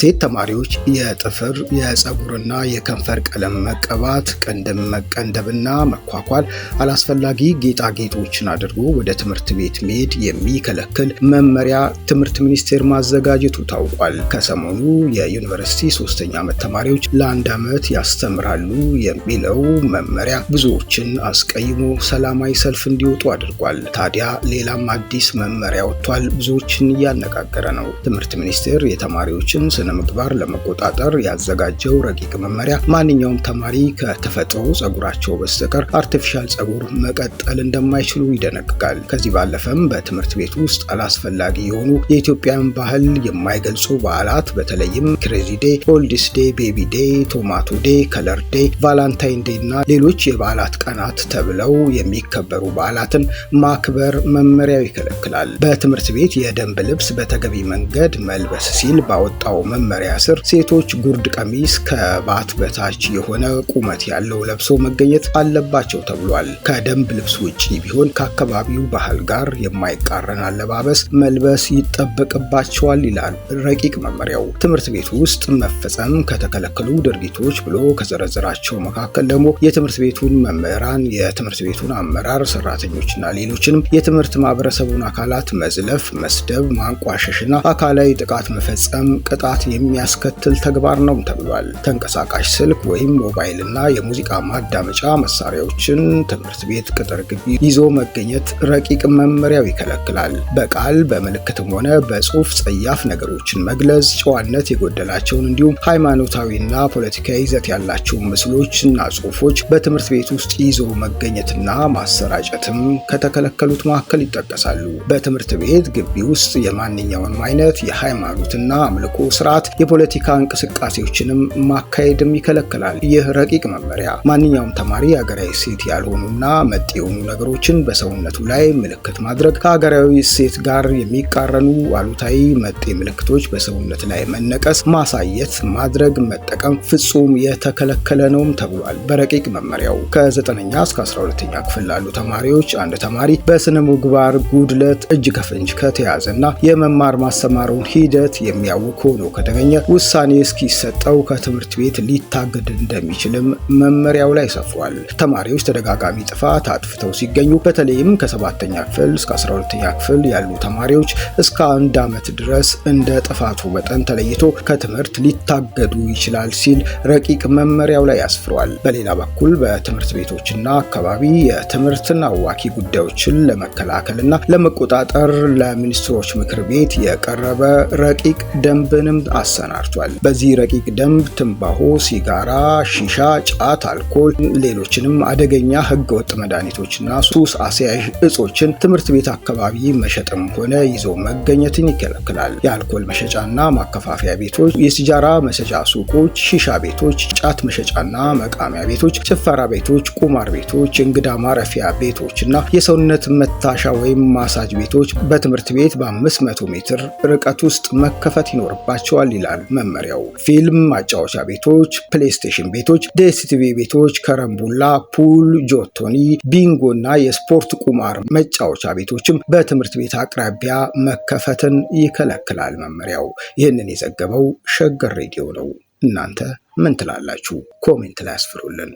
ሴት ተማሪዎች የጥፍር የፀጉርና የከንፈር ቀለም መቀባት፣ ቅንድብ መቀንደብና መኳኳል፣ አላስፈላጊ ጌጣጌጦችን አድርጎ ወደ ትምህርት ቤት መሄድ የሚከለክል መመሪያ ትምህርት ሚኒስቴር ማዘጋጀቱ ታውቋል። ከሰሞኑ የዩኒቨርሲቲ ሶስተኛ ዓመት ተማሪዎች ለአንድ ዓመት ያስተምራሉ የሚለው መመሪያ ብዙዎችን አስቀይሞ ሰላማዊ ሰልፍ እንዲወጡ አድርጓል። ታዲያ ሌላም አዲስ መመሪያ ወጥቷል፣ ብዙዎችን እያነጋገረ ነው። ትምህርት ሚኒስቴር የተማሪዎችን ስነ ምግባር ለመቆጣጠር ያዘጋጀው ረቂቅ መመሪያ ማንኛውም ተማሪ ከተፈጥሮ ጸጉራቸው በስተቀር አርቲፊሻል ጸጉር መቀጠል እንደማይችሉ ይደነግጋል። ከዚህ ባለፈም በትምህርት ቤት ውስጥ አላስፈላጊ የሆኑ የኢትዮጵያን ባህል የማይገልጹ በዓላት በተለይም ክሬዚ ዴ፣ ኦልዲስ ዴ፣ ቤቢ ዴ፣ ቶማቶ ዴ፣ ከለር ዴ፣ ቫላንታይን ዴ እና ሌሎች የበዓላት ቀናት ተብለው የሚከበሩ በዓላትን ማክበር መመሪያው ይከለክላል። በትምህርት ቤት የደንብ ልብስ በተገቢ መንገድ መልበስ ሲል ባወጣው መመሪያ ስር ሴቶች ጉርድ ቀሚስ ከባት በታች የሆነ ቁመት ያለው ለብሰው መገኘት አለባቸው ተብሏል። ከደንብ ልብስ ውጪ ቢሆን ከአካባቢው ባህል ጋር የማይቃረን አለባበስ መልበስ ይጠበቅባቸዋል ይላል ረቂቅ መመሪያው። ትምህርት ቤት ውስጥ መፈጸም ከተከለከሉ ድርጊቶች ብሎ ከዘረዘራቸው መካከል ደግሞ የትምህርት ቤቱን መምህራን፣ የትምህርት ቤቱን አመራር፣ ሰራተኞችና ሌሎችንም የትምህርት ማህበረሰቡን አካላት መዝለፍ፣ መስደብ፣ ማንቋሸሽና አካላዊ ጥቃት መፈጸም ቅጣት የሚያስከትል ተግባር ነው ተብሏል። ተንቀሳቃሽ ስልክ ወይም ሞባይል እና የሙዚቃ ማዳመጫ መሳሪያዎችን ትምህርት ቤት ቅጥር ግቢ ይዞ መገኘት ረቂቅ መመሪያው ይከለክላል። በቃል በምልክትም ሆነ በጽሁፍ ጸያፍ ነገሮችን መግለጽ፣ ጨዋነት የጎደላቸውን እንዲሁም ሃይማኖታዊና ፖለቲካዊ ይዘት ያላቸውን ምስሎች እና ጽሁፎች በትምህርት ቤት ውስጥ ይዞ መገኘትና ማሰራጨትም ከተከለከሉት መካከል ይጠቀሳሉ። በትምህርት ቤት ግቢ ውስጥ የማንኛውንም አይነት የሃይማኖትና አምልኮ ስራ ስርዓት የፖለቲካ እንቅስቃሴዎችንም ማካሄድም ይከለክላል። ይህ ረቂቅ መመሪያ ማንኛውም ተማሪ ሀገራዊ እሴት ያልሆኑና መጤ የሆኑ ነገሮችን በሰውነቱ ላይ ምልክት ማድረግ፣ ከሀገራዊ እሴት ጋር የሚቃረኑ አሉታዊ መጤ ምልክቶች በሰውነት ላይ መነቀስ፣ ማሳየት፣ ማድረግ፣ መጠቀም ፍጹም የተከለከለ ነውም ተብሏል። በረቂቅ መመሪያው ከ9ኛ እስከ 12ኛ ክፍል ላሉ ተማሪዎች አንድ ተማሪ በስነ ምግባር ጉድለት እጅ ከፍንጅ ከተያዘና የመማር ማስተማሩን ሂደት የሚያውቅ ሆኖ አደገኛ ውሳኔ እስኪሰጠው ከትምህርት ቤት ሊታገድ እንደሚችልም መመሪያው ላይ ሰፍሯል። ተማሪዎች ተደጋጋሚ ጥፋት አጥፍተው ሲገኙ በተለይም ከሰባተኛ ክፍል እስከ 12ኛ ክፍል ያሉ ተማሪዎች እስከ አንድ ዓመት ድረስ እንደ ጥፋቱ መጠን ተለይቶ ከትምህርት ሊታገዱ ይችላል ሲል ረቂቅ መመሪያው ላይ አስፍሯል። በሌላ በኩል በትምህርት ቤቶችና አካባቢ የትምህርትና አዋኪ ጉዳዮችን ለመከላከልና ለመቆጣጠር ለሚኒስትሮች ምክር ቤት የቀረበ ረቂቅ ደንብንም ደንብ አሰናድቷል። በዚህ ረቂቅ ደንብ ትንባሆ፣ ሲጋራ፣ ሺሻ፣ ጫት፣ አልኮል፣ ሌሎችንም አደገኛ ህገወጥ መድኃኒቶችና ሱስ አስያዥ እጾችን ትምህርት ቤት አካባቢ መሸጥም ሆነ ይዞ መገኘትን ይከለክላል። የአልኮል መሸጫና ማከፋፈያ ቤቶች፣ የሲጃራ መሸጫ ሱቆች፣ ሺሻ ቤቶች፣ ጫት መሸጫና መቃሚያ ቤቶች፣ ጭፈራ ቤቶች፣ ቁማር ቤቶች፣ እንግዳ ማረፊያ ቤቶች እና የሰውነት መታሻ ወይም ማሳጅ ቤቶች በትምህርት ቤት በ500 ሜትር ርቀት ውስጥ መከፈት ይኖርባቸው። ተዘጋጅቷል ይላል መመሪያው። ፊልም ማጫወቻ ቤቶች፣ ፕሌስቴሽን ቤቶች፣ ዲኤስቲቪ ቤቶች፣ ከረምቡላ፣ ፑል፣ ጆቶኒ፣ ቢንጎ እና የስፖርት ቁማር መጫወቻ ቤቶችም በትምህርት ቤት አቅራቢያ መከፈትን ይከለክላል መመሪያው። ይህንን የዘገበው ሸገር ሬዲዮ ነው። እናንተ ምን ትላላችሁ? ኮሜንት ላይ አስፍሩልን።